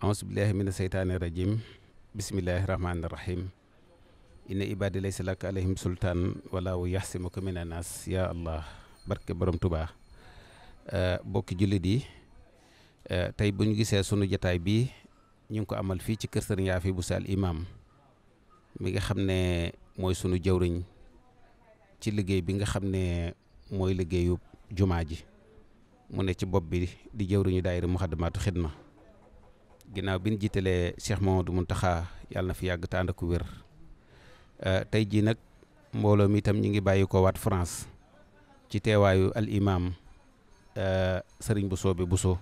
aousubillahi mina seytaani rajim bisimillahi rahmaani rahim inna ibaadi laysa laka alayhim sultaan wala ko yaxsimuka mina naas ya allah barke borom tubaa eh, bokki jullit yi eh, tey bu gisee sunu jataay bi ñu ko amal fii ci kër sëriñ Yaafi Buso al imam mi nga xam ne mooy sunu jëwriñ ci liggéey bi nga xam ne mooy liggéeyu jumaa ji mu ne ci bopp bi di jëwriñu daayira Muxaddamatul Xidma ginnaaw bi ñu jiitalee du mu taxa yàlla na fi yàgg te ànd ak wér euh, tey jii nag mbooloo mi itam ñu ngi bàyyi ko waat France ci teewaayu al imaam euh, sëriñ Bousso bi Bousso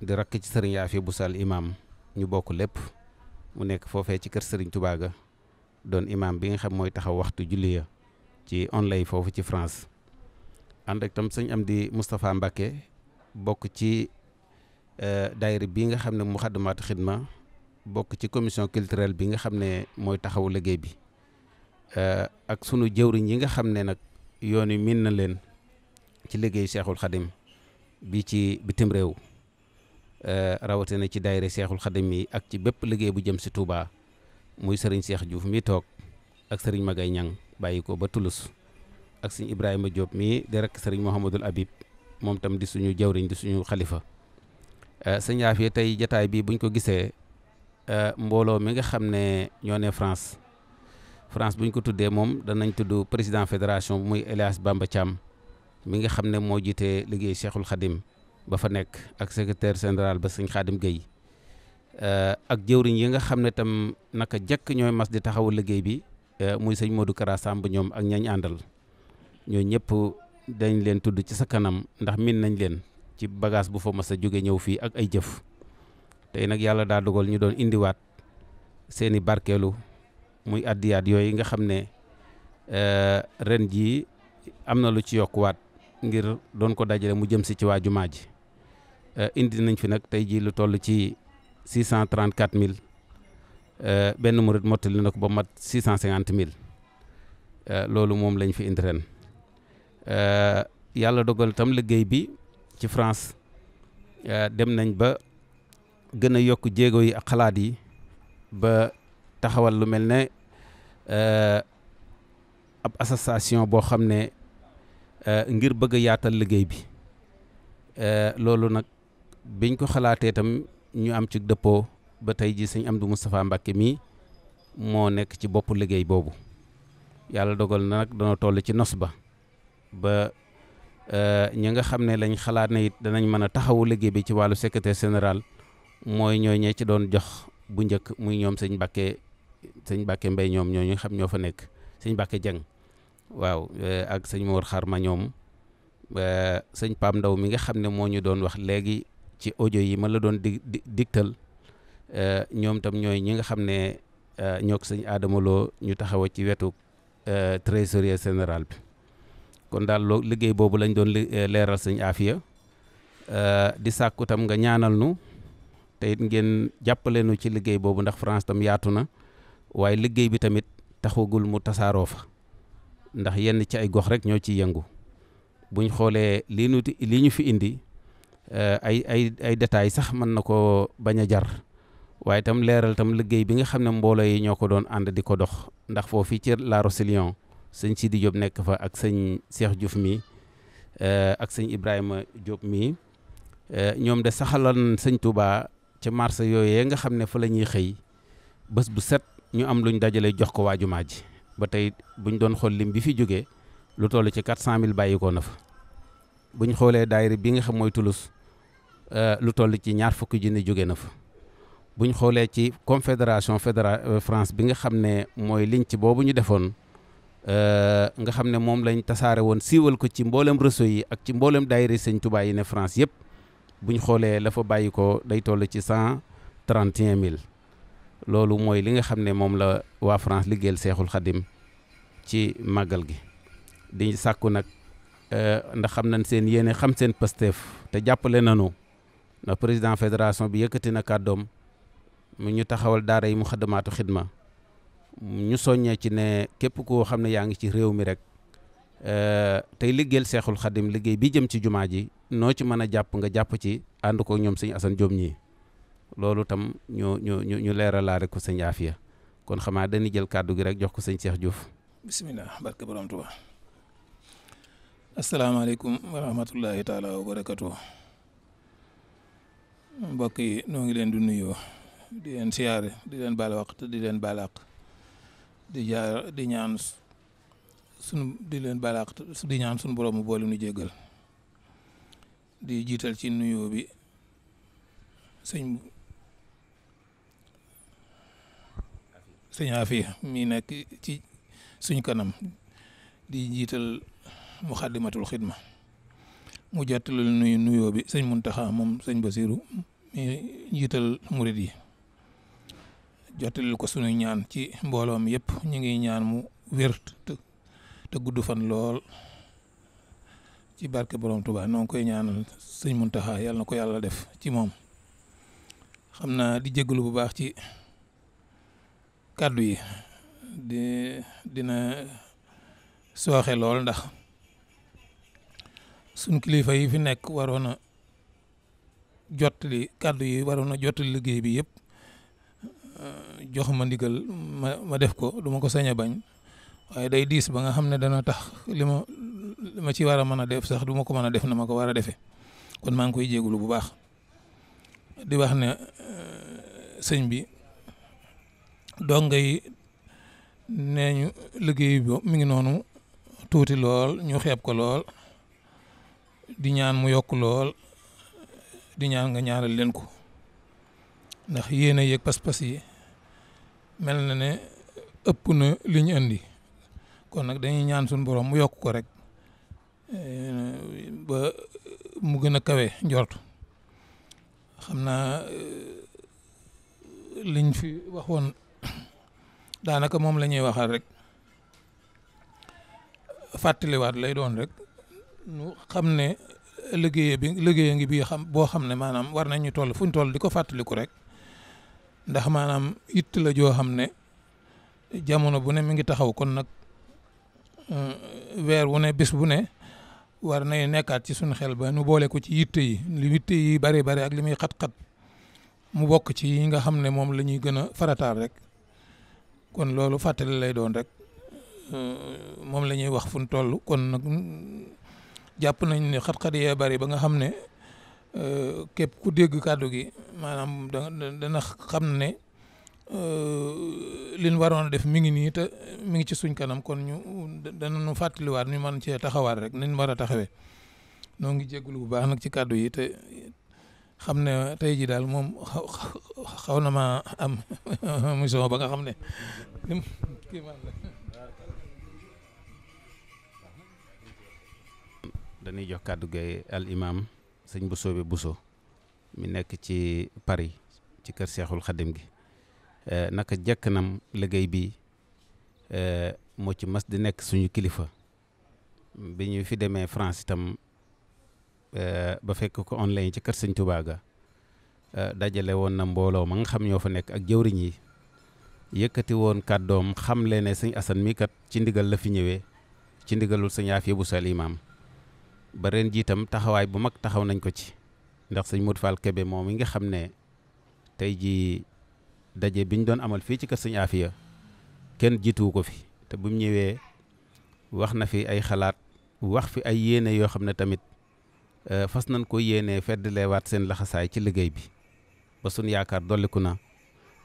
di rakk ci sëriñ Yaafi Bousso al imaam ñu bokk lépp mu nekk foofee ci kër sëriñ Touba doon imaam bi nga xam mooy taxaw waxtu julli ya ci online foofu ci France ànd ak tam sëñ am di Moustapha Mbacke bokk ci Euh, daayira bii nga xam ne Muxaddamaatu Xidma bokk ci commission culturelle bi nga xam ne mooy taxawu liggéey bi euh, ak sunu jëwriñ yi nga xam ne nag yoon wi miin na leen ci liggéeyu Seexul Xadim bi ci bitim réew euh, rawatina ci daayira Seexul Xadim yi ak ci bépp liggéey bu jëm si Touba muy sëriñ Seex Juuf mi toog ak sëriñ Magay Ñang bàyyi ko ba Toulouse ak suñu Ibrahima Diop mii di rekk sëriñ Mouhamadul Habib moom tam di suñu jëwriñ di suñu xalifa Euh, sëñ Afia tey jataay bi buñ ko gisee euh, mbooloo mi nga xam ne ñoo ne France France buñ ko tuddee moom danañ tudd président fédération muy Elias Bamba caam mi nga xam ne moo jiitee liggéey Cheikhul Khadim ba fa nekk ak secretaire général ba sëñ Khadim Gueye euh, ak jëwriñ yi nga xam ne tam naka jekk ñooy mas di taxawu liggéey bi muy sëñ Modou Kara Samb ñoom ak ñañ àndal ñoo ñëpp dañ leen tudd ci sa kanam ndax miin nañ leen ci bagage bu fa mas a jóge ñëw fii ak ay jëf tey nag yàlla daa dogal ñu doon indiwaat seeni barkeelu muy addiyaat yooyu nga xam ne eh, ren jii am na lu ci yokkuwaat ngir doon ko dajale mu jëm si ci waa jumaa ji eh, indi nañ fi nag tey jii lu toll ci six cent trent quatre mille eh, benn murit mottali na ko ba mat six cent cinquante mille loolu moom lañ fi indi ren yàlla dogal tam liggéey bi. ci France euh, dem nañ ba gën a yokk jéego yi ak xalaat yi ba taxawal lu mel ne euh, ab association boo xam ne euh, ngir bëgg yaatal liggéey bi loolu nag biñ ko xalaatee tam ñu am ci dëppoo ba tey ji sëñ Amdou Moustapha Mbacke mii moo nekk ci bopp liggéey boobu yàlla dogal na nag dana toll ci nos ba ba Euh, ñi nga xam ne lañ xalaat ne it danañ mën a taxawu liggéey bi ci wàllu secretaire général mooy ñooy ñee ci doon jox bu njëkk muy ñoom sëñ Bakke sëñ Bakke Mbay ñoom ñoo ñu xam ñoo fa nekk sëñ Bakke Jeng waaw euh, ak sëñ Mor Xarma euh, sëñ Paam Ndaw mi nga xam ne moo ñu doon wax léegi ci audio yi ma la doon di digtal ñoom tam ñooy ñi nga xam ne ñoo ko sëñ Adama ñu taxawa ci wetu trésorier général bi kon daal loo liggéey boobu lañ doon eh, leeral sëñ Afia eh, di sàkku tam nga ñaanal nu te ngeen jàppale ci liggéey boobu ndax France tam yaatu na waaye liggéey bi tamit taxugul mu tasaaroo fa ndax yenn ci ay gox rek ñoo ciy yëngu buñ xoolee lii lii ñu fi indi eh, ay ay ay détails sax mën na ko bañ a jar waaye tam leeral tam liggéey bi nga xam ne mbooloo yi ñoo ko doon ànd di ko dox ndax foofu ci La Roussillon sëñ Sidi Diop nekk fa ak sëñ Cheikh Diouf mi eh, ak sëñ Ibrahima Diop mi eh, ñoom de saxalan sëñ Touba ca marché yooyee nga xam ne fa la ñuy xëy bés bu set ñu am luñ dajale jox ko waa jumaa ji ba tey buñ doon xool lim bi fi jógee lu toll ci 400000 bàyyi ko na fa buñ xoolee daayira bi nga xam mooy Toulouse eh, lu toll ci ñaar fukki junni jóge na fa. buñ xoolee ci confédération fédéral euh, France bi nga xam ne mooy liñ ci boobu ñu defoon. Euh, nga xam ne moom lañ tasaare woon siiwal ko ci mbooleem réseau yi ak ci mboolem daayira sëñ Tuubaa yi ne France yëpp buñ xoolee la fa bàyyi ko day toll ci cent trente et un mille loolu mooy li nga xam ne moom la waa France liggéeyal seexul xadim ci màggal gi di sàkku nag euh, ndax xam nañ seen yéene xam seen Pastef te jàppale nanu ndax président fédération bi yëkkati na kàddoom mu ñu taxawal daara yi mu xadamaatu xidma ñu soññee ci ne képp koo xam ne yaa ngi ci réew mi rek euh, tey liggéeyal seexul xadim liggéey bi jëm ci jumaa ji noo ci mën a jàpp nga jàpp ci ànd ko ñoom sëñ Assane Diop ñii loolu tam ñu ñu ñu ñu leeralaare ko sëñ kon xamaa dañuy jël kàddu gi rek jox ko sëñ Cheikh Diouf. bisimilah barke borom Tuubaa asalaamaaleykum wa rahmatullahi wa barakatu mbokk yi noo ngi leen di nuyoo di leen siyaare di leen baal waq di leen baal àq di jaar di ñaan sunu di leen balaax di ñaan sunu borom mu boole nu jéggal di jiital ci nuyoo bi sëñ sëñ Afia mi nekk ci suñ kanam di jiital muxaddimatul xidma mu jottali nuyu nuyoo bi sëñ Muntaxa moom sëñ Basiru mi jiital murid yi jottalil ko sunuy ñaan ci mbooloo mi yëpp ñu ngi ñaan mu wér te gudd fan lool ci barke borom Touba noo ngi koy ñaanal sëñ Muntaxa yàlla na ko yàlla def ci moom xam naa di jégalu bu baax ci kàddu yi di dina sooxe lool ndax suñ kilifa yi fi nekk waroon a jottali kàddu yi waroon a jottali liggéey bi yëpp. Euh, jox ma ndigal ma ma def ko du ma ko sañ bañ waaye day diis ba nga xam ne dana tax li ma ma ci war a mën a def sax duma ko mën a def na ma ko war a defee kon maa ngi koy jégalu bu baax di wax ne euh, sëñ bi donga yi nee ñu liggéey bi mi ngi noonu tuuti lool ñu xeeb ko lool di ñaan mu yokk lool di ñaan nga ñaanal leen ko. ndax yéen a yëg pas-pas yi mel na ne ëpp na li ñu indi kon nag dañuy ñaan suñu borom mu yokk ko rek eh, ba mu gën a kawe njort xam naa eh, liñ fi waxoon daanaka moom la ñuy waxaat rek fàttaliwaat lay doon rek nu xam ne liggéey bi liggéey ngi bi xam boo xam ne maanaam war nañu toll fu ñu toll di ko fàttaliku rek ndax maanaam yitt la joo xam ne jamono bu ne mi ngi taxaw kon nag euh, weer wu ne bis bu ne war nay nekkaat ci suñu xel ba nu boole ko ci yitte yi li yitte yi bari bari ak li muy xat-xat mu bokk ci yi nga xam ne moom la ñuy gën a farataal rek kon loolu fàttali lay doon rek euh, moom la ñuy wax fu ñu toll kon nag jàpp nañ ne xat-xat yee bari ba nga xam ne Euh, képp ku dégg kàddu gi maanaam dana xam ne euh, lin ñu waroon a def mi ngi nii te mi ngi ci suñ kanam kon ñu danañu fàttaliwaat ñu mën cee taxawaat rek ni ñu war a taxawee noo ngi jégalu bu baax nag ci kàddu yi te xam ne tey jii daal moom xaw na ma am mission ba nga xam ne. dañuy jox kàddu gay al sëñ Bousso bi Bousso mi nekk ci Paris ci kër Seexul Xadim gi eh, naka jekk nam liggéey bi eh, moo ci mas di nekk suñu kilifa bi ñu fi demee France itam eh, ba fekk ko online ci kër sëñ Tuubaa ga dajale woon na mbooloo ma nga xam ñoo fa nekk ak jëwriñ yi yëkkati woon doom xam le ne sëñ Asan mi kat ci ndigal la fi ñëwee ci ndigalul sëñ Aafiya bu Buso al imaam ba ren jiitam taxawaay bu mag taxaw nañ ko ci ndax sëñ Modou Fall moom i nga xam ne tey jii daje biñ doon amal fii ci kër sëñ Afia kenn jiituwu ko fi te bu ñëwee wax na fi ay xalaat wax fi ay yéene yoo xam ne tamit euh, fas nañ ko yéene feddalewaat seen laxasaay ci liggéey bi ba sun yaakaar dolliku na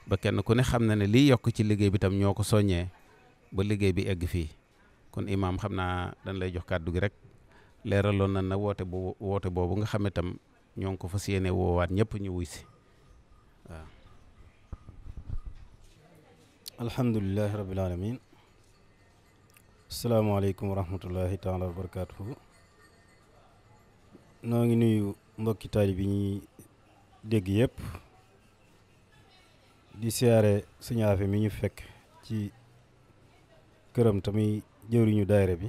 ba kenn ku ne xam na ne liy yokk ci liggéey bi tam ñoo ko soññee ba liggéey bi egg fii kon imaam xam naa dañ lay jox kàddu gi rek leeraloon na na woote boobu woote boobu nga xam tam ñoo ngi ko fa yéene woowaat ñëpp ñu wuy si waaw alhamdulilahi rabbil alamin asalaamaaleykum wa rahmatullahi taala wa barakatuhu noo ngi nuyu mbokki taali bi ñuy dégg yëpp di siyaare suñu afe mi ñu fekk ci këram tamit jëwriñu daayira bi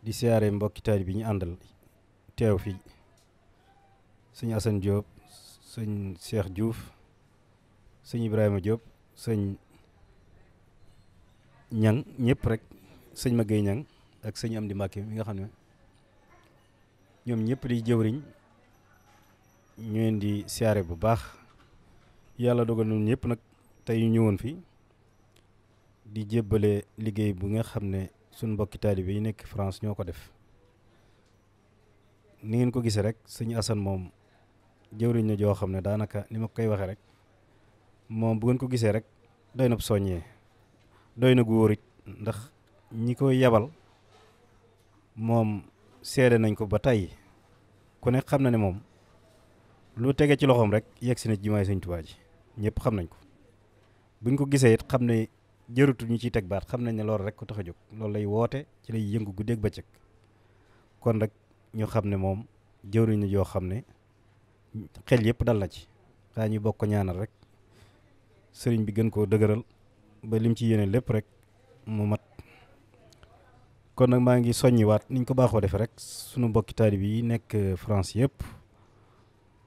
di siyaare mbokki taali bi ñu àndal teew fi sëñ Assane Diop sëñ Cheikh Diouf sëñ Ibrahima Diop sëñ ñan ñëpp rek sëñ Maguette ñang ak sëñ di Mbacke mi nga xam ne ñoom ñëpp di jëwriñ ñu di siyaare bu baax yàlla dogal ñun ñëpp nag tey ñu ñëwoon fi di jébbale liggéey bu nga xam ne suñ mbokki bi ñu nekk France ñoo ko def ni ngeen ko gisee rek sëñ asan moom jëwriñ na joo xam ne daanaka ni ma koy waxee rek moom bu ngeen ko gisee rek doy na soññee doy na gu wóorit ndax ñi koy yebal moom seede nañ ko ba tey ku ne xam na ne moom lu tegee ci loxoom rek yegg si na jumaay sëñ Tuubaa ji ñëpp xam nañ ko buñ ko gisee it xam ne jërutu ñu ciy teg baat xam nañ ne loolu rek ko tax a jóg loolu lay woote ci lay yëngu guddeeg bëccëg kon nag ñu xam ne moom jëwriñu joo xam ne xel yëpp dal na ci daa ñu bokk ñaanal rek sëriñ bi gën koo dëgëral ba lim ci yéene lépp rek mu mat kon nag maa ngi soññiwaat niñ ko baaxoo defee rek sunu mbokki taalib yi nekk France yëpp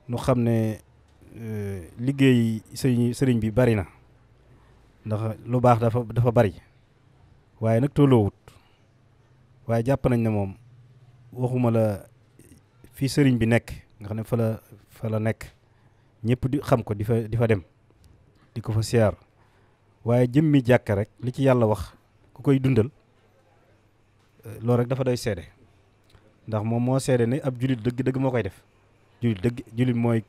nu xam ne euh, liggéey sëriñ sëriñ bi bari na ndax lu baax dafa dafa bari waaye nag tolloowut waaye jàpp nañ ne moom waxuma la fii sëriñ bi nekk nga xam ne fa la fa la nekk ñëpp di xam ko di fa di fa dem di ko fa siyaar waaye jëmmi jàkka rek li ci yàlla wax ku koy dundal eh, loolu rek dafa doy seede ndax moom moo seede ne ab julit dëgg dëgg moo koy def julit dëgg julit mooy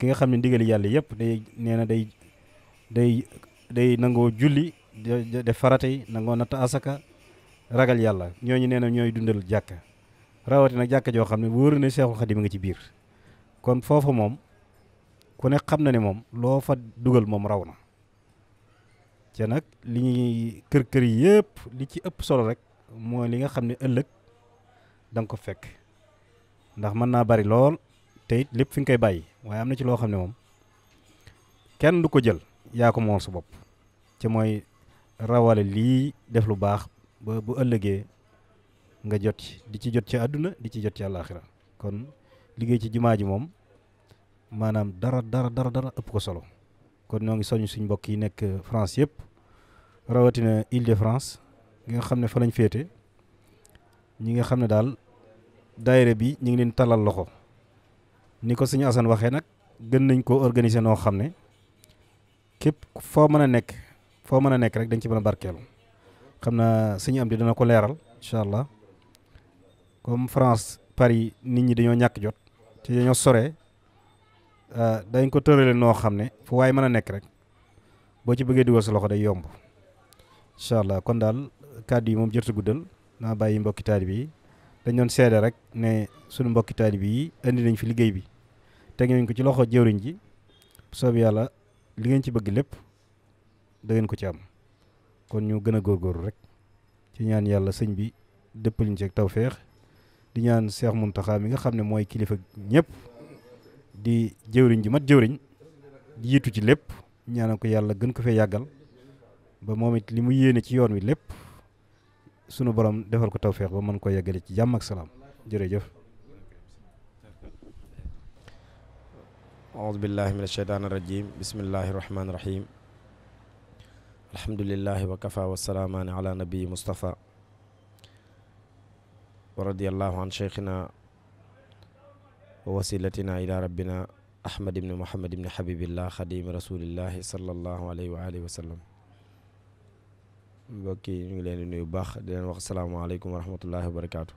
ki nga xam ne ndigali yàlla yëpp day neena day day day nangoo julli def farata yi nangoo natt asaka ragal yàlla ñooñu nee na ñooy dundal jàkka rawatina nag jàkka joo xam ne wóor na Seexul Xadim nga ci biir kon foofu moom ku ne xam na ne moom loo fa dugal moom raw na te nag li ñuy kër-kër yi yëpp li ci ëpp solo rek mooy li nga xam ne ëllëg danga ko fekk ndax mën naa bari lool te lépp fi nga koy bàyyi waaye am na ci loo xam ne moom kenn du ko jël yaa ko moom sa bopp ci mooy rawale lii def lu baax ba bu ëllëgee nga jot ci di ci jot ci àdduna di ci jot ci àllaaxira kon liggéey ci jimaa ji moom maanaam dara dara dara dara ëpp ko solo kon ñoo ngi soñ suñ mbokk yi nekk France yëpp rawatina Île-de-France nga xam ne fa lañ féete ñi nga xam ne daal daayira bi ñu ngi leen talal loxo ni ko suñu Asan waxee nag gën nañ koo organiser noo xam ne képp foo mën a nekk foo mën a nekk rek dañ ci mën a barkeelu xam naa suñu am di dana ko leeral incha allah comme France Paris nit ñi dañoo ñàkk jot ci dañoo sore ah, dañ ko tërale noo xam ne fu waaye mën a nekk rek boo ci bëggee dugal si loxo day yomb incha allah kon daal kàddu yi moom jërta guddal naa bàyyi mbokki taalib yi dañ doon seede rek ne suñu mbokki taalib yi indi nañ fi liggéey bi teg nañ ko ci loxo jëwriñ ji bu soobee yàlla li ngeen ci bëgg lépp da ko ci am kon ñu gën a góor rek ci ñaan yàlla sëñ bi dëppal ñu ci ak tawféex di ñaan Cheikh Mountakha mi nga xam ne mooy kilifa ñëpp di jëwriñ ji mat jëwriñ di jiitu ci lépp ñaanal ko yàlla gën ko fee yàggal ba moom it li mu yéene ci yoon wi lépp sunu borom defal ko tawféex ba mën koo yàggale ci jàmm ak salaam jërëjëf. أعوذ بالله من الشيطان الرجيم بسم الله الرحمن الرحيم الحمد لله وكفى والسلام على نبي مصطفى ورضي الله عن شيخنا ووسيلتنا إلى ربنا أحمد بن محمد بن حبيب الله خديم رسول الله صلى الله عليه وآله وسلم mbokk yi ñu ngi leen di nuyu baax di leen wax salaamaaleykum wa rahmatullahi wa barakaatu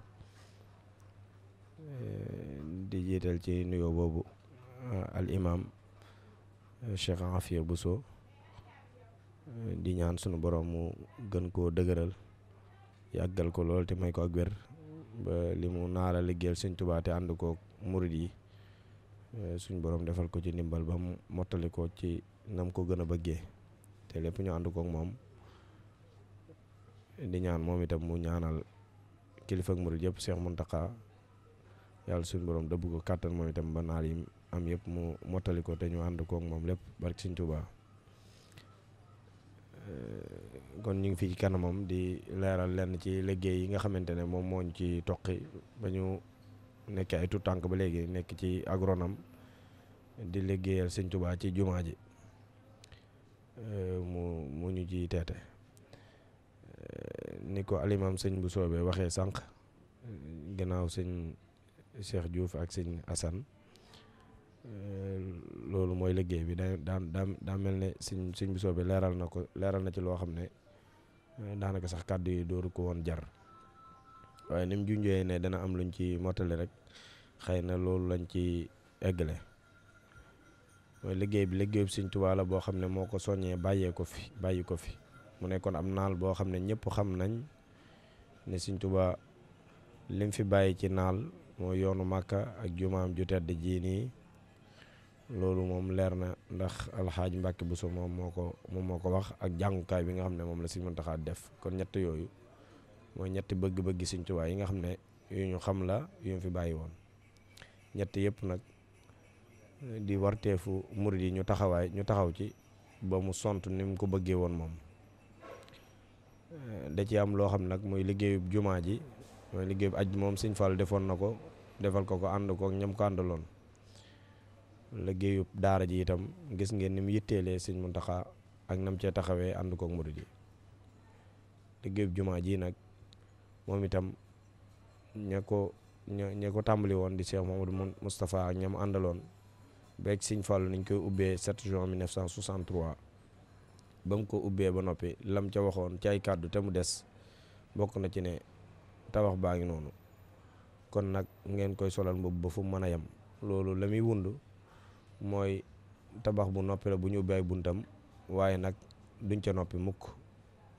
di jiital ci nuyoo boobu Euh, al imam euh, Cheikh Afia Bousso euh, di ñaan sunu boroom mu gën koo dëgëral yàggal ko lool te may ko ak wér ba li mu naara liggéeyal sëñ Tuubaa te ànd ko yi suñ borom defal ko ci ndimbal ba mottali ko ci nam ko gën a bëggee te lépp ñu ànd ko moom di ñaan moom itam mu ñaanal kilifa ak yëpp Cheikh Mountakha yàlla suñ borom dëbb ko kàttan moom itam ba naal am yëpp mu mottali ko te ñu ànd koog moom lépp barke Sëñ Tuubaa eh, kon ñu ngi fi ci kanamam di leeral lenn ci liggéey yi nga xamante ne moom moo ñu ci toqi ba ñu nekk ay tout tànk ba léegi nekk ci agronome di liggéeyal Sëñ Tuubaa ci jumaa ji eh, mu mu ñu ji teete eh, ni ko aliment sëñ bu soobee waxee sànq gannaaw sëñ Cheikh Diouf ak sëñ Assane Euh, loolu mooy liggéey bi da daan daa daa mel ne sëñ sëñ bu soobee leeral na ko leeral na ci loo xam ne euh, daanaka sax kàddu yi dooru ko woon jar waaye nim mu junjee ne dana am luñ ci mottali rek xëy na loolu lañ ci eggale mooy liggéey bi liggéey bi sëñ la boo xam ne moo ko soññee bàyyee ko fi bàyyi ko fi mu nekkoon am naal boo xam ne ñëpp xam nañ ne sëñ Tuubaa lim fi bàyyi ci naal moo yoonu Màkka ak jumaam ju tedd jii nii loolu moom leer na ndax alxaaj Mbàkke Buso moom moo ko moom moo ko wax ak jàngukaay bi nga xam ne moom la Sëñ Muntaxa def kon ñett yooyu mooy ñetti bëgg-bëggi Sëñ yi nga xam ne yu ñu xam la yu ñu fi bàyyi woon ñett yëpp nag di warteefu murid yi ñu taxawaay ñu taxaw ci ba mu sont ni mu ko bëggee woon moom eh, da ci am loo xam nag mooy liggéeyub jumaa ji mooy liggéeyub aj moom Sëñ Fall defoon na ko defal ko ko ànd ko ñam ko àndaloon liggéeyub daara ji itam gis ngeen ni mu yitteelee sëñ Muntaxa ak nam cee taxawee ànd koog murid yi liggéeyub jumaa ji nag moom itam ña ko ña ko tàmbali woon di Cheikh Mouhamadou Moustapha ak ñam àndaloon beeg sëñ Fallu niñ koy ubbee 7 juin 1963 ba mu ko ubbee ba noppi lam ca waxoon ci ay kàddu te mu des bokk na ci ne tabax baa ngi noonu kon nag ngeen koy solal mbubb ba fu mën a yem loolu la muy wund mooy tabax bu noppi la bu ñu ubbi buntam waaye nag duñ ca noppi mukk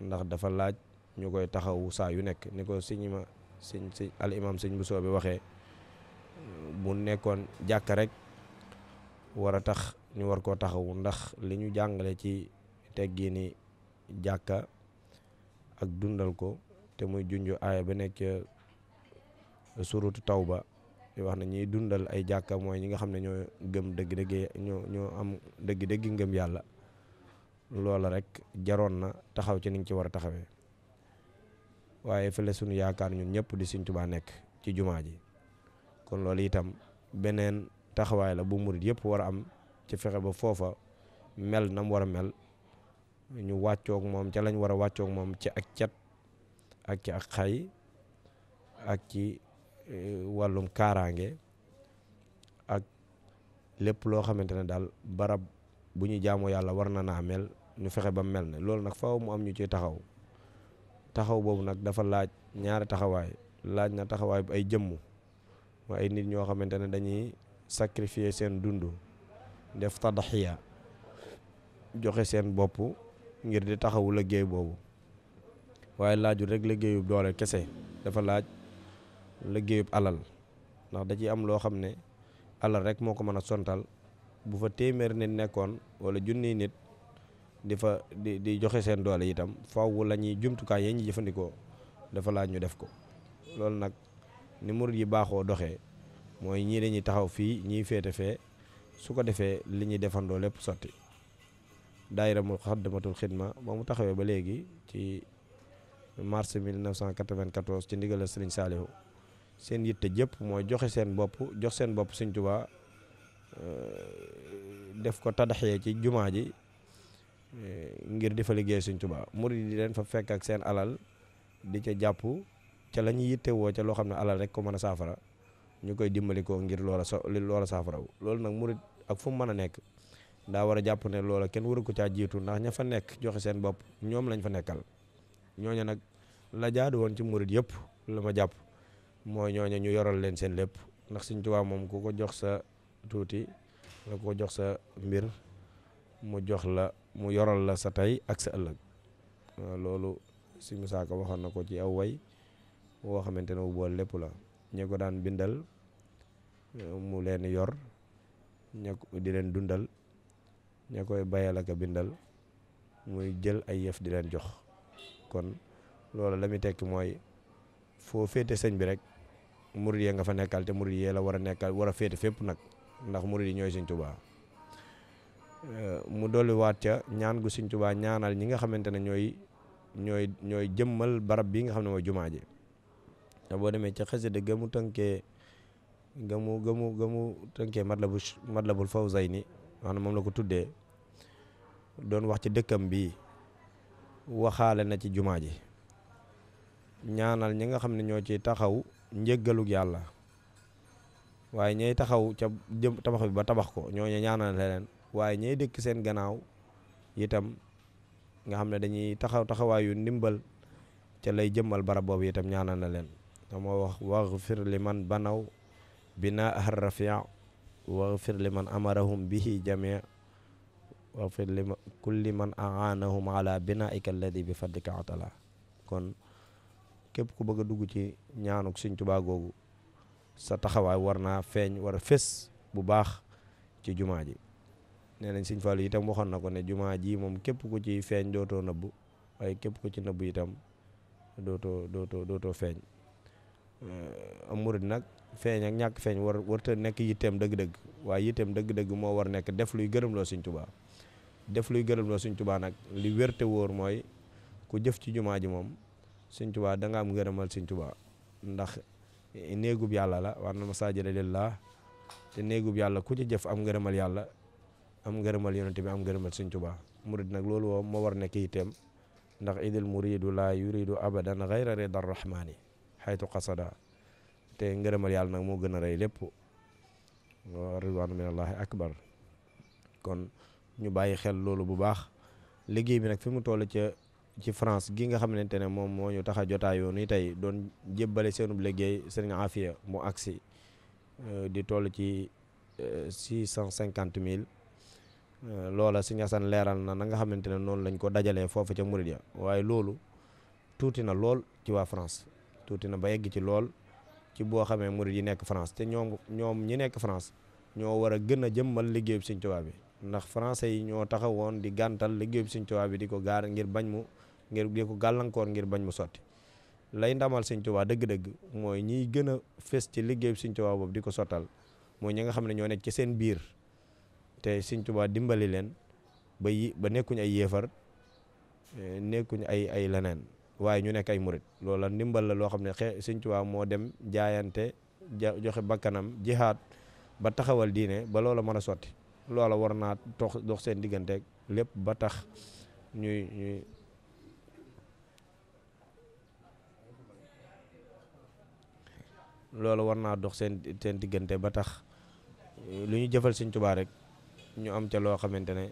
ndax dafa laaj ñu koy taxawu saa yu nekk ni ko sëñ ma sëñ sëñ al imam sëñ bu soobe waxee bu nekkoon jàkka rek war a tax ñu war koo taxawu ndax li ñu jàngale ci teggiini jàkka ak dundal ko te muy junju aaya ba nekk suratu tawba di wax na ñiy dundal ay jàkka mooy ñi nga xam ne ñoo gëm dëgg-dëgg ñoo ñoo am dëgg-dëgg ngëm yàlla loola rek jaroon na taxaw ci niñ ci war a taxawee waaye fele sunu yaakaar ñun ñëpp di Sëriñ Tuubaa nekk ci jumaa ji kon loolu itam beneen taxawaay la bu murit yépp war a am ci fexe ba foofa mel nam war a mel ñu wàccoog moom ca lañ war a wàccook moom ci ak cet ak ci ak xay ak ci Eh, wàllum kaaraange ak lépp loo xamante ne daal barab bu ñu jaamoo yàlla war na naa mel ñu fexe ba mel ne loolu nag faaw mu am ñu ci taxaw taxaw boobu nag dafa laaj ñaari taxawaay laaj na taxawaay bu ay jëmmu waaye nit ñoo xamante ne dañuy sacrifier seen dund def tadaxiya joxe seen bopp ngir di taxawu liggéey boobu waaye laajul rek liggéeyu doole kese dafa laaj liggéeyub alal ndax da ciy am loo xam ne alal rek moo ko mën a sontal bu fa téeméer nit nekkoon wala junniy nit di fa di di joxe seen doole itam faww la ñuy jumtukaay yi ñuy jëfandikoo dafa laa ñu def ko loolu nag ni murid yi baaxoo doxee mooy ñii dañuy taxaw fii ñii féete fee su ko defee li ñuy defandoo lépp sotti daayira mu xaddamatul xidma ba mu taxawee ba léegi ci mars 1994 ci ndigal Sëriñ Saalihu seen yitte jëpp mooy joxe seen bopp jox seen bopp Sëñ Tuubaa euh, def ko tadaxee ci jumaa ji euh, ngir di fa liggéey Sëñ Tuubaa murid di leen fa fekk ak seen alal di ca jàpp ca la ñuy yittewoo ca loo xam ne alal rek ko mën a saafara ñu koy dimbali ko ngir loola so loola saafara loolu nag murid ak fu mu mën a nekk daa war a jàpp ne loola kenn waru ko caa jiitu ndax ña fa nekk joxe seen bopp ñoom lañ fa nekkal ñooñu nag la jaadu woon ci murid yëpp la ma jàpp. mooy ñooñu ñu yoral leen seen lépp ndax Sëñ Tuubaa moom ku ko jox sa tuuti la ko jox sa mbir mu jox la mu yoral la sa tey ak sa ëllëg loolu si Musaa Ka waxoon na ko ci aw way woo xamante ne bu lépp la ñi ko daan bindal mu leen yor ña di leen dundal ña koy bayal ak bindal muy jël ay yëf di leen jox kon loolu la muy tekk mooy foo féete sëñ bi rek murid yee nga fa nekkal te murid yee la war a nekkal war a féete fépp nag ndax murid yi ñooy Sëñ Tuubaa eh, mu dolli waat ca ñaan gu Sëñ Tuubaa ñaanal ñi nga xamante ne ñooy ñooy ñooy jëmmal barab bi nga xam ne mooy jumaa ji te boo demee ca xasida ga mu tënkee ga mu ga mu ga mu tënkee matlabu matlabul fawzayni maanaam moom la ko tuddee doon wax ci dëkkam bi waxaale na ci jumaa ji ñaanal ñi nga xam ne ñoo ci taxaw njëggalug yàlla waaye ñay taxaw ca tabax bi ba tabax ko ñooñu ñaanal leen waaye ñay dëkk seen gannaaw itam nga xam ne dañuy taxaw taxawaayu ndimbal ca lay jëmmal barab boobu itam ñaanal na leen moo wax waxfir man banaw bina ahar rafia waxfir li man amarahum bihi jamia waxfir li kulli man aanahum ala binaika alladi bi fadlika atala képp ku bëgg a dugg ci ñaanuk Sëñ googu sa taxawaay war naa feeñ war a fés bu baax ci jumaa ji nee nañ Sëñ Fallu itam waxoon na ko ne jumaa ji moom képp ku ci feeñ dootoo nëbbu waaye képp ku ci nëbbu itam dootoo dootoo dootoo feeñ am murid nag feeñ ak ñàkk feeñ war warta nekk yitteem dëgg-dëgg waaye yitteem dëgg-dëgg moo war nekk def luy gërëm loo Sëñ Tuubaa def luy gërëm loo Sëñ nag li wérte mooy ku jëf ci jumaa ji moom sëñ tubaa da nga am ngërëmal sëñ tubaa ndax néegub yàlla la war na masaajida lillah te néegub yàlla ku ci jëf am ngërëmal yàlla am ngërëmal yonent bi am ngërëmal sëñ tubaa murid nag loolu woo moo war ne itam ndax idil muridu laa yuridu abadan gayra ridar rahmaani xaytu qasada te ngërëmal yàlla nag moo gën a rëy lépp ridwaanu minallaahi akbar kon ñu bàyyi xel loolu bu baax liggéey bi nag fi mu toll ca ci France gi nga xamante ne moom moo ñu tax a jotaayoo ni tey doon jébbale seenub liggéey sëriñ Afia mu agsi euh, di toll ci euh, six cinquante mille euh, loola sëriñ Asan leeral na na nga xamante ne noonu lañ ko dajalee foofu ca Murid ya waaye loolu tuuti na lool ci waa France tuuti na ba yegg ci lool ci boo xamee Murid yi nekk France te ñoom ñoom ñi nekk France ñoo war a gën a jëmmal liggéeyub sëriñ Tuubaa bi ndax france yi ñoo taxawoon di gàntal liggéeyub sëriñ Tuubaa bi di ko gaar ngir bañ mu ngir di ko gàllankoor ngir bañ mu sotti lay ndamal Sëñ dëgg-dëgg mooy ñiy gën a fës ci liggéey Sëñ Tuubaa boobu di ko sottal mooy ñi nga xam ne ñoo nekk ci seen biir te Sëñ dimbali leen ba ba nekkuñ ay yéefar e, nekkuñ ay ay leneen waaye ñu nekk ay murit loola ndimbal la loo xam ne xe moo dem jaayante joxe bakkanam jihaad ba taxawal diine ba loola mën a sotti loola war naa tox dox seen digganteeg lépp ba tax ñuy ñuy loolu war naa dox seen seen diggante ba tax lu ñu jëfal Sëñ Tuubaa rek ñu am ca loo xamante ne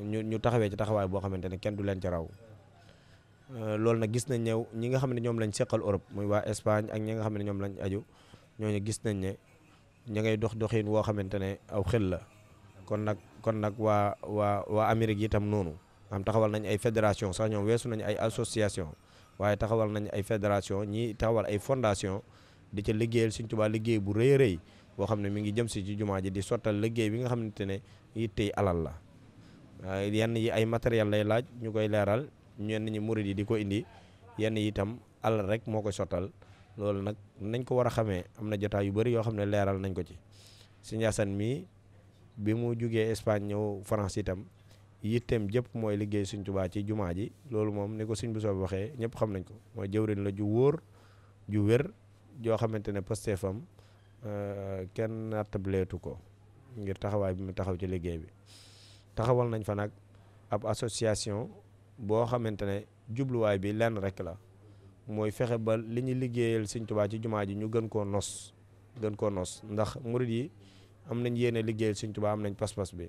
ñu ñu taxawee ci taxawaay boo xamante ne kenn du leen ca raw euh, loolu nag gis nañ ñëw ñi nga xam ne ñoom lañ seqal Europe muy waa Espagne ak ñi nga xam ne ñoom lañ aju ñooñu gis nañ ne ñu ngay dox doxin woo xamante ne aw xel la kon nag kon nag waa waa waa Amérique itam noonu am taxawal nañ ay fédération sax ñoom weesu nañ ay association waaye taxawal nañ ay fédération ñi taxawal ay fondation di ca liggéeyal Sëriñ Tuubaa liggéey bu rëy a rëy boo xam ne mi ngi jëm si ci jumaa ji di sottal liggéey bi nga xamante ne yittey alal la yenn yi ay matériel lay laaj ñu koy leeral ñenn ñi murid yi di ko indi yenn yi itam alal rek moo ko sottal loolu nag nañ ko war a xamee am na jotaay yu bari yoo xam ne leeral nañ ko ci Sëriñ Asan mii bi mu jugee Espagne ñëw France itam yitteem jëpp mooy liggéey Sëriñ Tuubaa ci jumaa ji loolu moom ni ko Sëriñ bu soob waxee ñëpp xam nañ ko mooy jëwrin la ju wóor ju wér joo xamante ne Pastef am euh, kenn nattableetu ko ngir taxawaay bi mu taxaw ci liggéey bi taxawal nañ fa nag ab association boo xamante ne jubluwaay bi lenn rek la mooy fexe ba li ñu liggéeyal Sëñ Tuubaa ci jumaa ji ñu gën koo nos gën koo nos ndax murit yi am nañ yéene liggéeyal Sëñ Tuubaa am nañ pas-pas bi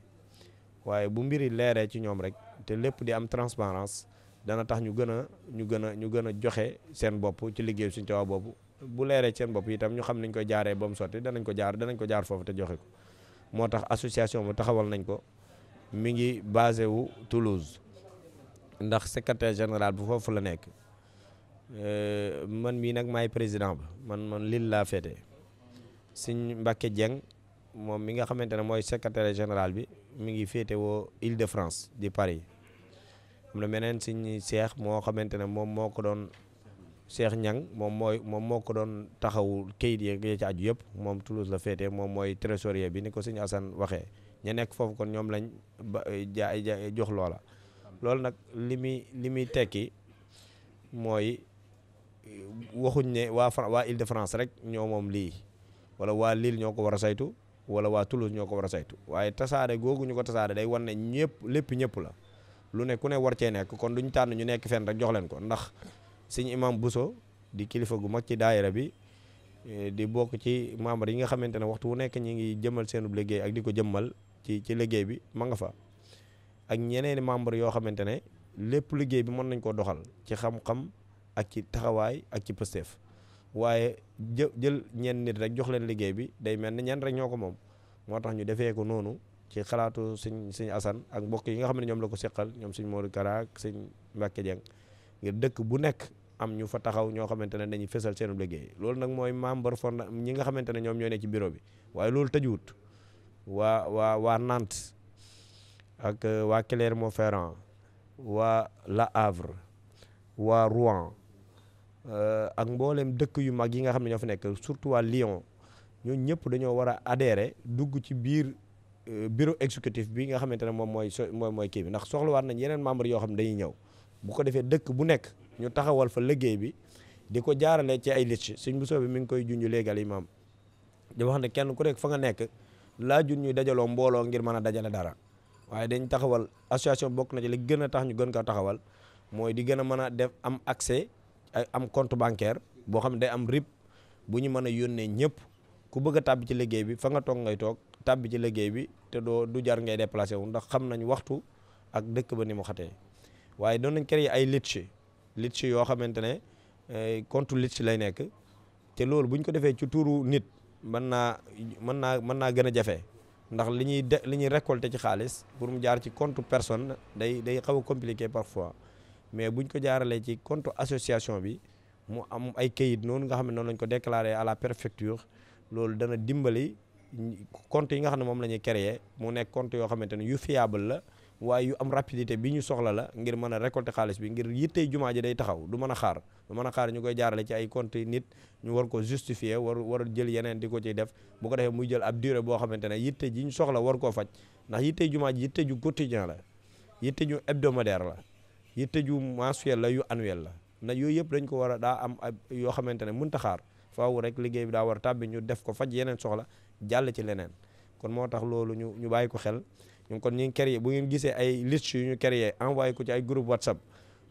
waaye bu mbiri leeree ci ñoom rek te lépp di am transparence dana tax ñu gën a ñu gën a ñu gën a joxe seen bopp ci liggéey Sëñ Tuubaa boobu bu leeree seen bopp itam ñu xam nañ koy jaaree ba mu sotti danañ ko jaar danañ ko jaar foofu te joxe ko moo tax association bu taxawal nañ ko mu ngi basé wu Toulouse ndax secretaire général bu foofu la nekk euh, man mii nag maay président ba man man lil laa féete Sëñ Mbacke Dieng moom mi nga xamante ne mooy secretaire général bi mi ngi féete woo Île-de-France di Paris am na meneen Sëñ Cheikh moo xamante moom moo ko doon Cheikh Niang moom mooy moom moo ko doon taxaw kayit yeeg ya ci aju yëpp moom Toulouse la féetee moom mooy trésorier bi ni ko sëñ Assane waxee ña nekk foofu kon ñoom lañ ba ja jox loola. loolu nag li muy li muy tekki mooy waxuñ ne waa Fra waa Île-de-France rek ñoo moom lii wala waa Lille ñoo ko war a saytu wala waa Toulouse ñoo ko war a saytu waaye tasaare googu ñu ko tasaare day wan ne ñëpp lépp ñëpp la lu ne ku ne war cee nekk kon duñ tànn ñu nekk fenn rek jox leen ko ndax. sëñ imam Bousso di kilifa gu mag ci daayira bi eh, di bokk ci membre yi nga xamante ne waxtu wu nekk ñi ngi jëmal seenu liggéey ak di ko jëmmal ci ci liggéey bi ma nga fa ak ñeneeni membre yoo xamante ne lépp liggéey bi mën nañ koo doxal ci xam-xam ak ci taxawaay ak ci pësteef waaye jë jël ñenn nit rek jox leen liggéey bi day mel ni ñenn rek ñoo ko moom moo tax ñu defee ko noonu ci xalaatu sëñ sëñ Assane ak mbokk yi nga xam ne ñoom la ko seqal ñoom sëñ Modou Kara ak sëñ Mbacke Dieng ngir dëkk bu nekk am ñu fa taxaw ñoo xamante ne dañuy fésal seen liggéey loolu nag mooy membre fonda ñi nga xamante ne ñoom ñoo ne ci bureau bi waaye loolu tëjuwut waa waa waa Nantes ak euh, waa Clermont-Ferrand waa La Havre waa Rouen euh, ak mboolem dëkk yu mag yi nga xam ne ñoo fi nekk surtout waa Lyon ñoo ñëpp dañoo war a adhérer dugg ci biir euh, bureau exécutif bi nga xamante ne moom mooy mooy kii bi ndax soxlawaat nañ yeneen membre yoo xam ne dañuy ñëw bu ko defee dëkk bu nekk. ñu taxawal fa liggéey bi di ko jaarale ci ay lich suñ bu soobee mi ngi koy junj léegal imaam di wax ne kenn ku rek fa nga nekk laajut ñuy dajaloo mbooloo ngir mën a dajale dara waaye dañ taxawal association bokk na ci li gën a tax ñu gën ko taxawal mooy di gën a mën a def am accès am compte bancaire boo xam ne day am RIB bu ñu mën a yónnee ñëpp ku bëgg a tàbbi ci liggéey bi fa nga toog ngay toog tàbbi ci liggéey bi te doo du jar ngay déplacé wu ndax xam nañ waxtu ak dëkk ba ni mu xatee waaye doon nañ créer ay liche litchi yoo xamante ne eh, contre litchi lay nekk te loolu bu ñu ko defee ci tuuru nit mën naa mën naa mën naa gën a jafe ndax li ñuy de li ñuy récolter ci xaalis pour mu jaar ci compte personne day day xaw a compliqué parfois mais buñ ko jaaralee ci compte association bi mu am ay kayit noonu nga xam noonu lañ ko déclaré à la préfecture loolu dana dimbali compte yi nga xam ne moom la ñuy créer mu nekk compte yoo xamante ne yu fiable la waaye yu am rapidité bi ñu soxla la ngir mën a récolter xaalis bi ngir yittey jumaa ji day taxaw du mën a xaar du mën a xaar ñu koy jaarale ci ay compte nit ñu war ko justifier war war a jël yeneen di ko ciy def bu ko defee muy jël ab durée boo xamante ne yitte ji ñu soxla war koo faj ndax yittey jumaa ji yitte ju quotidien la yitte ju hebdomadaire la yitte ju mensuel la yu annuel la na yooyu yëpp dañ ko war a daa am yoo xamante ne mënta xaar faaw rek liggéey bi daa war a tàbbi ñu def ko faj yeneen soxla jàll ci leneen kon moo tax loolu ñu ñu bàyyi ko xel ñun kon ñu ngi bu ngeen gisee ay liste yu ñu créé envoyé ko ci ay groupe whatsapp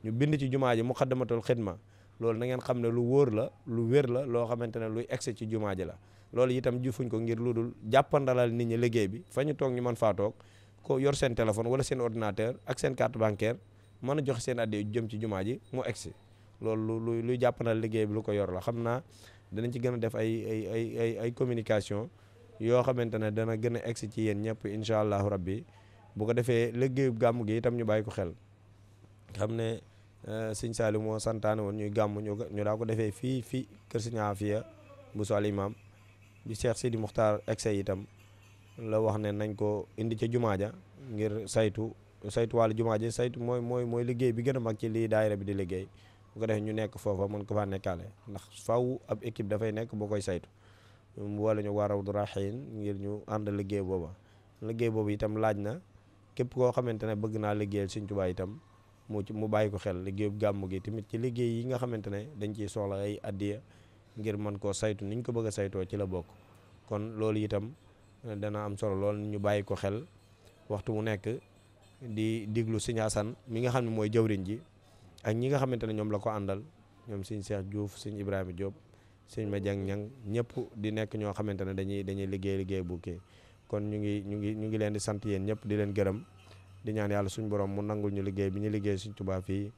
ñu bind ci jumaa ji mu muxaddamatul xidma loolu nangeen xam ne lu wóor la lu wér la loo xamante ne luy egsi ci jumaa ji la loolu itam jëfuñ ko ngir lu dul jàppandalal nit ñi liggéey bi fa ñu toog ñu mën faa toog ko yor seen téléphone wala seen ordinateur ak seen carte bancaire mën a joxe seen adde jëm ci jumaa ji mu egsi loolu lu luy jàppandal liggéey bi lu ko yor la xam naa danañ ci gën a def ay ay ay ay communication yoo xamante ne dana gën a egsi ci yéen ñëpp incha allahu rabbi bu ko defee liggéeyu gàmm gi itam ñu bàyyi ko xel xam ne eh, sëñ Saliou moo santaane woon ñuy gàmm ñu daa ko defee fii fii kër sëñ Afia bu su al imam bi Cheikh Sidi Muxtaar egsi itam la wax ne nañ ko indi ca jumaa ja ngir saytu saytu wàllu jumaa ja saytu mooy mooy mooy liggéey bi gën a mag ci lii daayira bi di liggéey bu ko defee ñu nekk foofa mën ko faa nekkaale ndax faw ab équipe dafay nekk boo koy saytu mu boole ñu waaraw du raxiin ngir ñu ànd liggéey booba liggéey boobu itam laaj na képp koo xamante ne bëgg naa liggéeyal Sëñ Tuubaa itam mu ci mu bàyyi ko xel liggéeyub gàmm gi tamit ci liggéey yi nga xamante ne dañ ciy soxla ay addiya ngir mën koo saytu niñ ko bëgg saytoo ci la bokk kon loolu itam eh, dana am solo lool ñu bàyyi ko xel waxtu mu nekk di diglu Sëñ Asan mi nga xam ne mooy jawriñ ji ak ñi nga xamante ne ñoom la ko àndal ñoom Sëñ Seex Juuf Sëñ Ibrahima Jóob sëñ ma jàng ñang ñëpp di nekk ñoo xamante ne dañuy dañuy liggéey liggéey bu kon ñu ngi ñu ngi ñu ngi leen di sant yéen ñëpp di leen gërëm di ñaan yàlla suñu borom mu nangul ñu liggéey bi ñu liggéey suñ Tuubaa fii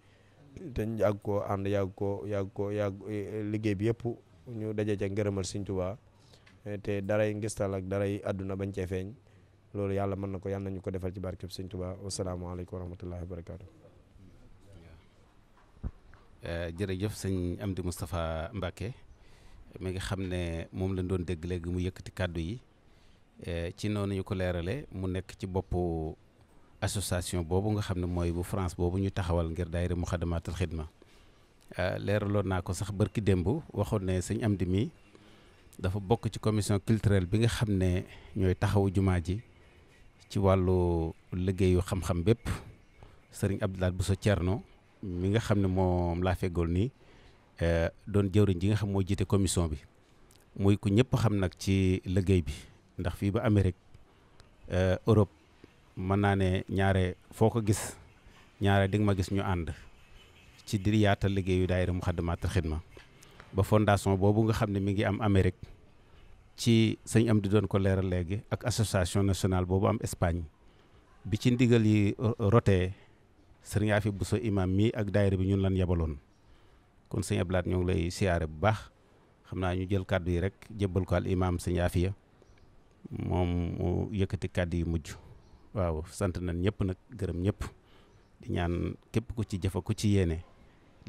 te koo ànd yàgg koo yàgg koo yàgg eh, liggéey bi yëpp ñu daje ca ngërëmal suñ Tuubaa eh, te daray ngistal ak daray àdduna bañ cee feeñ loolu yàlla mën na ko yàlla ñu ko defal ci barkeb sëñ tubaa wasalaamaaleykum wa rahmatullahi wa barakaatu eh, jërëjëf sëñ Amdi Mbacke mi nga xam ne moom lañ doon dégg léegi mu yëkkati kàddu yi e, ci noonu ñu ko leerale mu nekk ci boppu association boobu nga xam ne mooy bu France boobu ñu taxawal ngir daayira Muxaddamaatul Xidma e, leeraloon naa ko sax bërki démb waxoon ne sëñ Amdi mi dafa bokk ci commission culturelle bi nga xam ne ñooy taxawu jumaa ji ci wàllu liggéeyu xam-xam bépp sëriñ bu Bousso Thierno mi nga xam ne moom laa feggool nii Eh, doon jëwriñ ji nga xam mooy jiite commission bi muy ko ñëpp xam nag ci liggéey bi ndax fii ba Amérique eh, Europe mën naa ne ñaare foo ko gis ñaaree di nga ma gis ñu ànd ci dir yaatal liggéeyu daayira Muxaddamaatul Xidma ba fondation boobu nga xam ne mi ngi am Amérique ci sëñ am di doon ko leeral léegi ak association nationale boobu am Espagne bi ci ndigal yi rotee sëriñ Afi Bousso imam mii ak daayira bi ñun lan yabaloon kon sëñ Ablaat ñoo ngi lay siyaare bu baax xam naa ñu jël kàddu yi rek jébbal ko al imaam sëñ Afiya moom mu yëkkati kàddu yu mujj waaw sant nañ ñëpp nag gërëm ñépp di ñaan képp ku ci jëfa ku ci yéene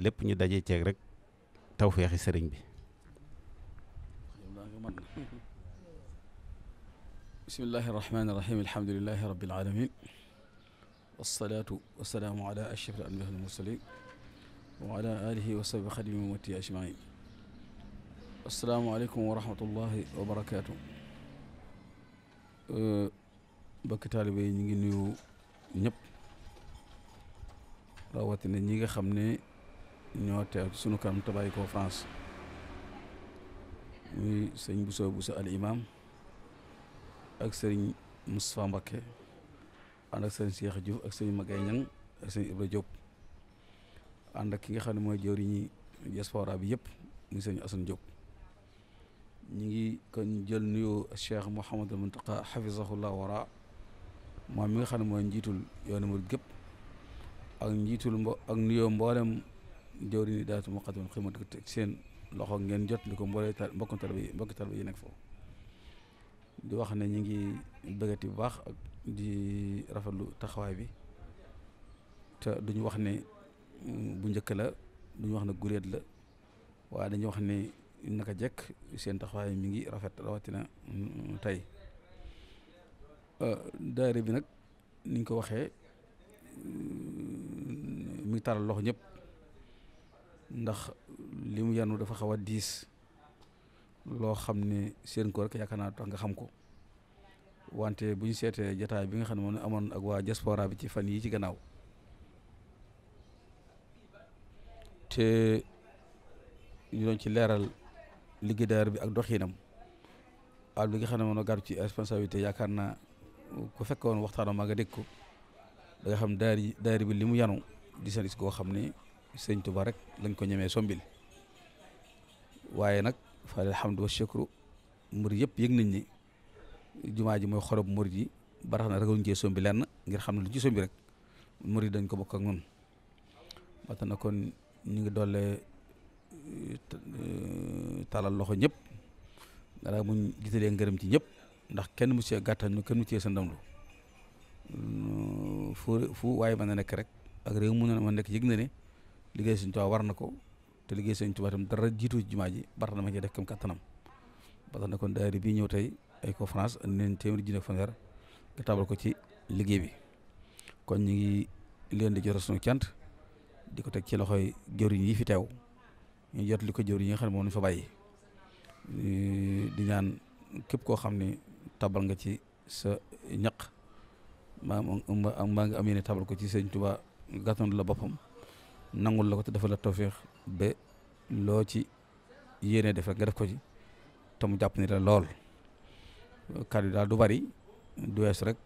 lépp ñu dajee ceeg rek tawféexi sëriñ bi bismillahi irrahmani irrahim alhamdulilahi rabil alamin wasalaatu wasalaamu ala ashraf al anbiya al wa ala alihi wa sahbi xadimi mati ajmain asalaamaaleykum wa rahmatullahi wa barakaatu mbokki taalibe yi ñu ngi nuyu ñëpp rawatina ñi nga xam ne ñoo teew ci sunu kanam tabaay conférence muy sëñ Bousso Bousso al imam ak sëriñ Moustapha Mbacké ànd ak sëriñ Cheikh Diouf ak sëriñ Magay Ñang ak sëriñ Ibra Diop ànd ak ki nga xam ne mooy jëwriñi diaspora bi yëpp muy sëñ Assane Diop ñi ngi kon jël nuyoo Cheikh Mouhamadul Muntaqa xafisahullah wara moom mi nga xam ne mooy njiitul yoonu murid gépp ak njiitul mbo ak nuyoo mboolem jëwriñi daatu muqaddamatul xidma teg seen loxo ngeen jot ni ko mboolee ta mbokki talib yi mbokki talib yi nekk foofu di wax ne ñi ngi bëggati bu baax ak di rafetlu taxawaay bi te duñu wax ne bu njëkk la duñu wax ne gureet la waaye dañu wax ne naka jekk seen taxawaay mi ngi rafet na mm, tey euh, daayira bi nag niñ ko waxee mm, mi ngi taral loxo ñëpp ndax li mu yanu dafa xaw a diis loo xam ne seen ko rek yaakaar naa tax nga xam ko wante bu ñu seetee jataay bi nga xam ne moom amoon ak waa diaspora bi ci fan yi ci gannaaw te ñu doon ci leeral liggéey daayira bi ak doxiinam wàll bi nga xam ne moom gàddu ci responsabilité yaakaar naa ku fekkoon waxtaanam maa nga dégg ko da xam daayira daayira bi li mu yanu di service koo xam ne sëñ Tuba rek lañ ko ñemee sombil waaye nag fa alhamdu wa shukru murid yëpp yëg nañ ni jumaa ji mooy xorob murid yi ba tax na ragaluñ cee sombi lenn ngir xam ne lu ci rek murid dañ ko bokk ak ñun na kon ñu ngi doole eh, talal loxo ñëpp dara muñ jiitalee ngërëm ci ñëpp ndax kenn mu see gàttal ñu kenn mu see sa ndamlu mm, fu fu waaye mën na nekk rek ak réew mu ne ma nekk yëg na ne liggéey Sëñ Tuubaa war na ko te liggéey Sëñ Tuubaa tam dara jiitu jumaa ji barta na ma ci def kam kattanam ba na kon daayira bii ñëw tey ay conférence andi leen téeméeri junni ak fanweer nga tabal ko ci liggéey bi kon ñu ngi leen di joxe sunu cant di ko teg ci loxoy jëwriñ yi fi teew ñu jot li ko jëwriñ yi nga xam ne moom fa bàyyi di ñaan képp koo xam ne tabal nga ci sa ñaq maa maa ngi am yéene tabal ko ci sëñ Tuubaa gàttandu la boppam nangul la ko te dafa la tawféex ba loo ci yéene def rek nga def ko ci te mu jàpp ni la lool kàddu daal du bari du wees rek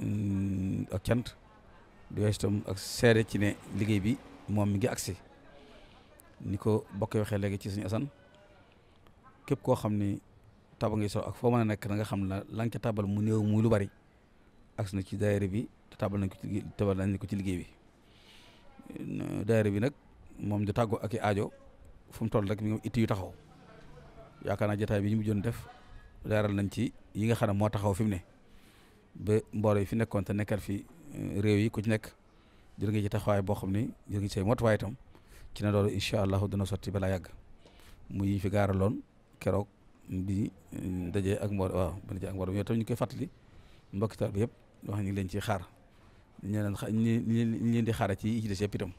mm, ak cant di wees ak seere ci ne liggéey bi moom mi ngi agsi ni ko bokk waxee léegi ci suñu asan képp koo xam ni taba ngay so ak foo mën a nekk na nga xam la la nga ca tabal mu néew muy lu bari agsi na ci daayira bi te tabal ko ci tabal nañ ko ci liggéey bi daayira bi nag moom da tàggoo ak i ajo fu mu toll rek mi it itti yu taxaw yaakaar naa jotaay bi ñu mujjoon def leeral nañ ci yi nga xam ne moo taxaw fi mu ne ba mbooloo yi fi nekkoon te nekkal fi réew yi ku ci nekk jël nga ci taxawaay boo xam ne jël nga ci say motuwaay tam ci na loolu incha allahu dana sotti balaa yàgg mu yi fi gaaraloon keroog bi dajee ak mboor waaw bi dajee ak mboor ñoo tam ñu koy fàttali mbokki taal bi yëpp wax ñu leen ci xaar ñu leen ñu di xaara ci ci des yëpp itam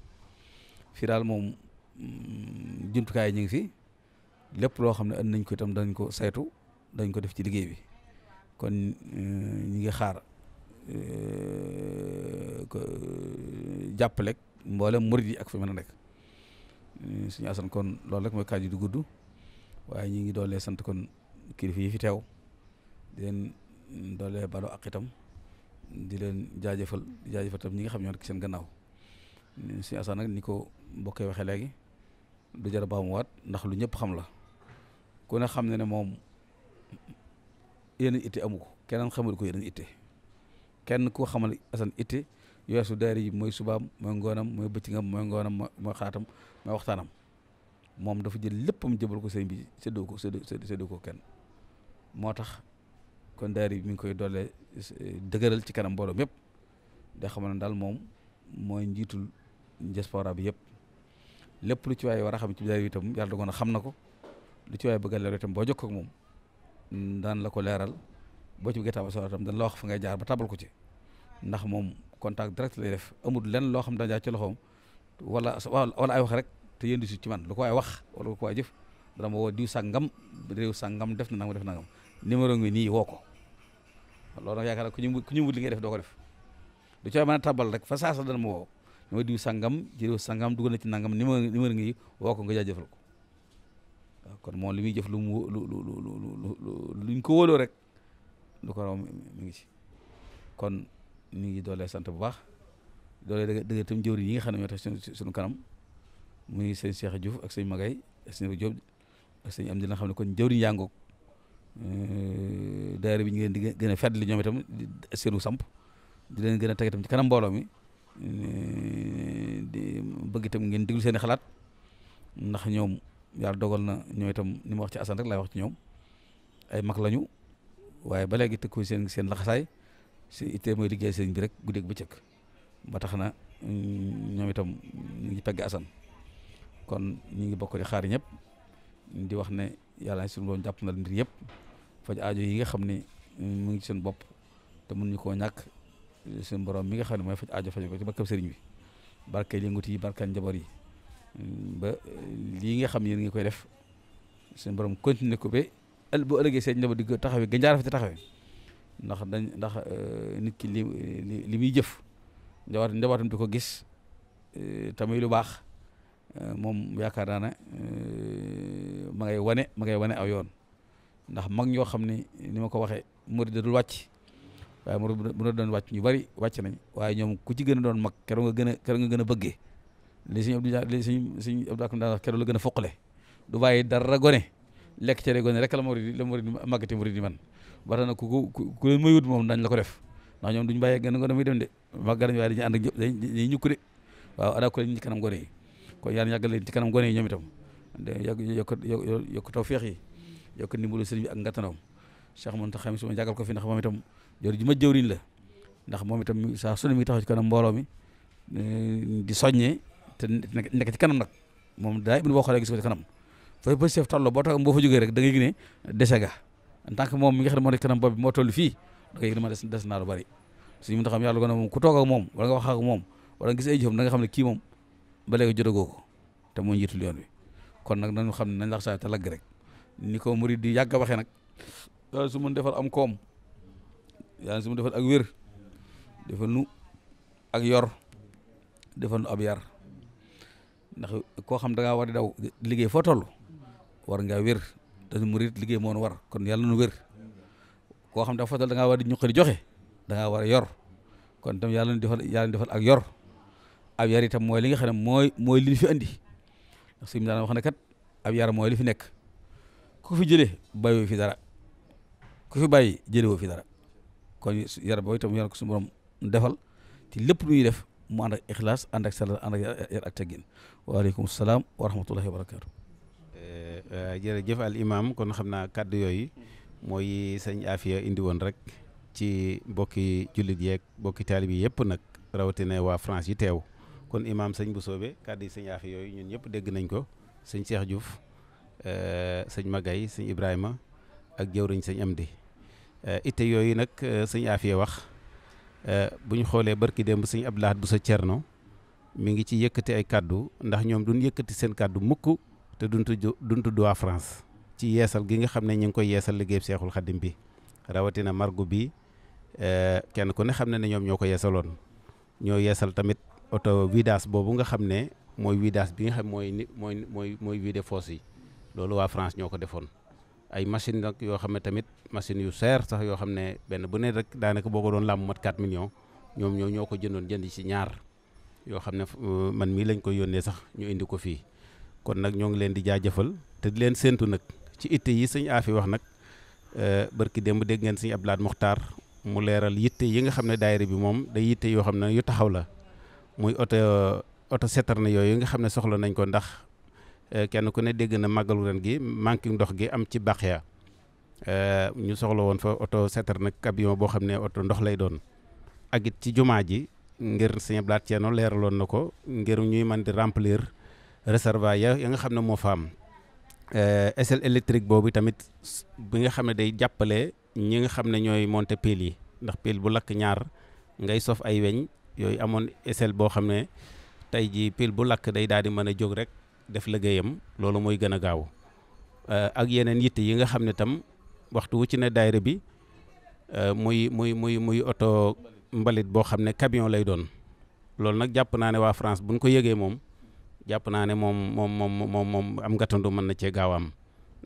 fii daal moom mm, jumtukaay ñu ngi fi lépp loo xam ne ënd nañ ko tam dañ ko saytu dañ ko def ci liggéey bi kon euh, ñu ngi xaar Euh, euh, jàppaleeg mboolem murid yi ak fi mën nekk euh, suñu asan kon loolu rek mooy kàddu du gudd waaye ñu ngi doolee sant kon kilifa yi fi teew di leen doolee balo ak itam di leen jaajëfal di tam ñi nga xam ñoo nekk seen gannaaw suñu asan nag ni ko mbokkee waxee léegi du jar baamuwaat ndax lu ñëpp xam la ku ne xam ne ne moom yeneen itte amu ko keneen xamul ko yeneen itte kenn ku xamal asan itte yoosu daari yi mooy subaam mooy ngoonam mooy bëccëgam mooy ngoonam mooy xaatam mooy waxtaanam moom dafa jël léppam jëbal ko sëñ bi séddoo ko séddoo ko kenn moo tax kon daari bi mi ngi koy doole dëgëral ci kanam mbooloo yëpp da xamal na daal moom mooy njiitul diaspora bi yëpp lépp lu ci waaye war a xam ci daari bi itam yàlla dogoon a xam na ko lu ci waaye bëgg a leer itam boo jokkoo ak moom daan la ko leeral boo ci bëggee tabal sawara tam dana la wax fa ngay jaar ba tabal ko ndax moom contact direct lay def amul lenn loo xam dana jaar ci loxoom wala wala ay wax rek te yéen di si ci man lu ko waay wax wala lu ko waay jëf dana ma woo diw sàngam def na nangam def nangam numéro ngi nii woo ko loolu nag ñu ku ñu wut li def doo ko def du cooy mën tabal rek fa saasa dana ma woo ñu ma diw sàngam ci réew sàngam dugg na ci nangam numéro numéro ngi woo ko nga jaajëfal ko kon moom li muy jëf lu mu lu lu lu lu lu luñ ko wóoloo rek lu ko raw mi ngi ci kon ñu ngi doolee sant bu baax doolee dëgg dëgg tam jëwriñ yi nga xam ne ñoo tax suñu kanam muy sëñ Cheikh Diouf ak sëñ Magay ak sëñ Diop sëñ am di xam ne kon jëwriñ yaa ngoog euh, daayira bi ñu ngi leen gën a fàttali ñoom itam seenu samp di leen gën a teg itam ci kanam mbooloo mi euh, di bëgg ngeen déglu seen xalaat ndax ñoom yaar dogal na ñoo itam ni ma wax ci Assane rek laay wax ci ñoom ay mag lañu waaye ba léegi tëkkoo seen seen laxasaay seen ittee mooy liggéey sëriñ bi rek guddeeg bëccëg ba tax na mm, ñoom itam ñu ngi pegg asan kon ñu ngi bokk di xaar ñëpp di wax ne yàlla suñu doon jàpp na mbir yëpp faj aajo yi nga xam ne mm, mu ngi seen bopp te mënuñu koo ñàkk seen borom mi nga xam ne mooy faj aajo faj ko ci bakkab sëriñ bi barke yëngut yi barke njaboot yi mm, ba lii nga xam ne yéen ngi koy def seen borom continuer ko be ël bu ëllëgee seen njaboot di ko taxawee ganjaar fi taxawee ndax dañ ndax euh, nit ki li li muy jëf njaboot njabootam di ko gis euh, tamit lu baax euh, moom yaakaar naa ne ma ngay wane ma ngay wane aw yoon ndax mag ñoo xam ne ni ma ko waxe murid da dul wàcc waaye murid bu na doon wàcc ñu bari wàcc nañ waaye ñoom ku ci gën a doon mag keroog nga gën a keroog nga gën a bëggee li suñu Abdou li suñ suñ Abdou daan keroog la gën a foqale du bàyyi dara gone lekk cere gone rek la murid la murid màggati murid yi man ba ku ku ku moom dañ la ko def ndax ñoom du ñu gën a gone muy dem de màgg nañ waaye dañuy ànd ak dañuy ñukk de waaw ada ko leen ci kanam gone yi kon yàlla yàggal leen ci kanam gone yi ñoom itam yokk yokk yokk taw feex yi yokk ndimbalu sëriñ bi ak ngattanaam Cheikh Mountakha suma jàggal ko fi ndax moom itam jor ji ma jëwriñ la ndax moom itam saa su ne mi taxaw ci kanam mbooloo mi eh, di soññee te nekk ci kanam nag moom daa ibn boo xoolee gis ko ci fooy Pastef tolloo boo toog boo fa jógee rek da ngay gis ne dese ga en tant moom mi nga xam ne moo nekk kanam bopp bi moo toll fii da ngay gis ma des des bari suñu mën a xam yàlla ko ne moom ku toog ak moom wala nga wax ak moom wala nga gis ay jëfam ne kii moom ba léegi jotagoo ko te moo njiitul yoon wi kon nag nañu xam ne nañ lax saa te lagg rek ni ko murid di yàgg a waxee nag yàlla su mun defal am koom yàlla su mun defal ak wér defal nu ak yor defal nu ab yar ndax koo xam da ngaa war daw liggéey foo toll war ngaa wér te murit liggéey moo war kon yàlla nu wér koo xam dafa fatal da ngaa war di ñuqali joxe da ngaa war a yor kon itam yàlla defal yàlla defal ak yor ab yar itam mooy li nga xam ne mooy mooy li fi andi ndax suñu daan wax ne kat ab yara mooy li fi nekk ku fi jëlee bàyyi fi dara ku fi bàyyi jëlee fi dara kon yar boobu itam yar ko suñu defal ti lépp lu ñuy def mu ànd ak ixlaas ànd ak sell ànd ak yar ak teggin waaleykum salaam wa rahmatullahi wa Euh, jërëjëf al imam kon xam naa kàddu yooyu mooy sëñ Afia indi woon rek ci bokki jullit yeeg bokki taalib yi yëpp nag rawatina waa France yi teew kon imam sëñ bu soobee kàddu yi sëñ Afia yooyu ñun ñëpp dégg nañ ko sëñ Cheikh Diouf euh, sëñ Magay sëñ Ibrahima ak jëwriñ sëñ di euh, itte yooyu nag sëñ Afia wax bu ñu xoolee barki démb sëñ Abdoulahat bu sa Cerno mi ngi ci yëkkati ay kàddu ndax ñoom duñ yëkkati seen kàddu mukk te duñ tudd duñ tudd waa France ci yeesal gi nga xam ne ñu ngi koy yeesal liggéey seexul xadim bi rawatina margu bi eh, kenn ku ne xam ne ne ñoom ñoo ko yeesaloon ñoo yeesal tamit auto vidange boobu nga xam ne mooy vidange bi nga xam mooy ni mooy mooy mooy vide fosse yi loolu waa France ñoo ko defoon ay machine nag yoo xam ne tamit machine yu seer sax yoo xam ne benn bu ne rek daanaka boo ko doon làmb mat 4 millions ñoom ñoo ñoo ko jëndoon jënd ci ñaar yoo xam ne euh, man mii lañ koy yónnee sax ñu indi ko fii kon nag ñoo ngi leen di jaajëfal te di leen séentu nag ci itte yi sëñ Afi wax nag euh, barki démb dégg ngeen sëñ Abdoulaye Mokhtar mu leeral yitte yi nga xam ne daayira bi moom day yitte yoo xam ne yu taxaw la muy oto setar citerne yooyu nga xam ne soxla nañ ko ndax euh, kenn ku ne dégg na màggalu ren gi manqué ndox gi am ci Baxiya euh, ñu soxla woon fa oto setar nag camion boo xam ne oto ndox lay doon ak ci jumaa ji ngir sëñ Abdoulaye Thierno leeraloon na ko ngir ñuy mën di réservoir ya ya nga xam ne moo fa am échelle euh, électrique boobu tamit bi nga xam ne day jàppale ñi nga xam ne ñooy monter pile yi ndax pile bu lakk ñaar ngay sof ay weñ yooyu amoon échelle boo xam ne tey jii pile bu lakk day daal di mën a jóg rek def liggéeyam loolu mooy gën a gaaw euh, ak yeneen yitte yi nga xam ne tam waxtu wu ci ne daayira bi euh, muy muy muy muy oto mbalit boo xam ne camion lay doon loolu nag jàpp naa ne waa France buñ ko yëgee moom. jàpp naa ne moom moom moom moom moom am gàttandu mën na cee gaaw am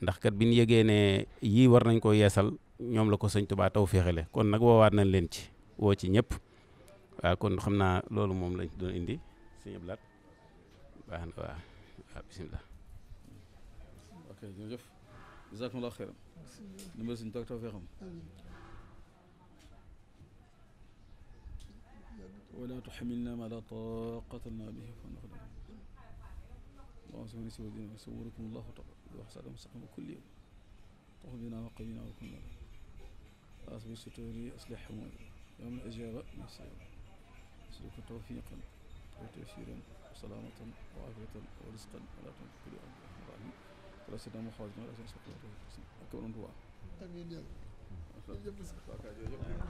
ndax kat bi ñu yëgee yii war nañ koo yeesal ñoom la ko sëñ Tuubaa taw féexale kon nag woowaat nañ leen ci woo ci ñëpp waaw kon xam naa loolu moom lañ doon indi sëñ Ablaat baax na waaw waaw bisimilah la taqata lana bihi اللهم صل وسلم ودينا وصوركم الله وحسن مستقيم كل يوم وخذنا وقينا وكنا أصبر ستوري أصلح حمولي يوم الأجابة نسير أسألك توفيقا وتيسيرا وسلامة وعافية ورزقا ولا تنفع كل أمر رحيم ولا سيدنا محافظنا ولا سيدنا سقطنا أكبر دعاء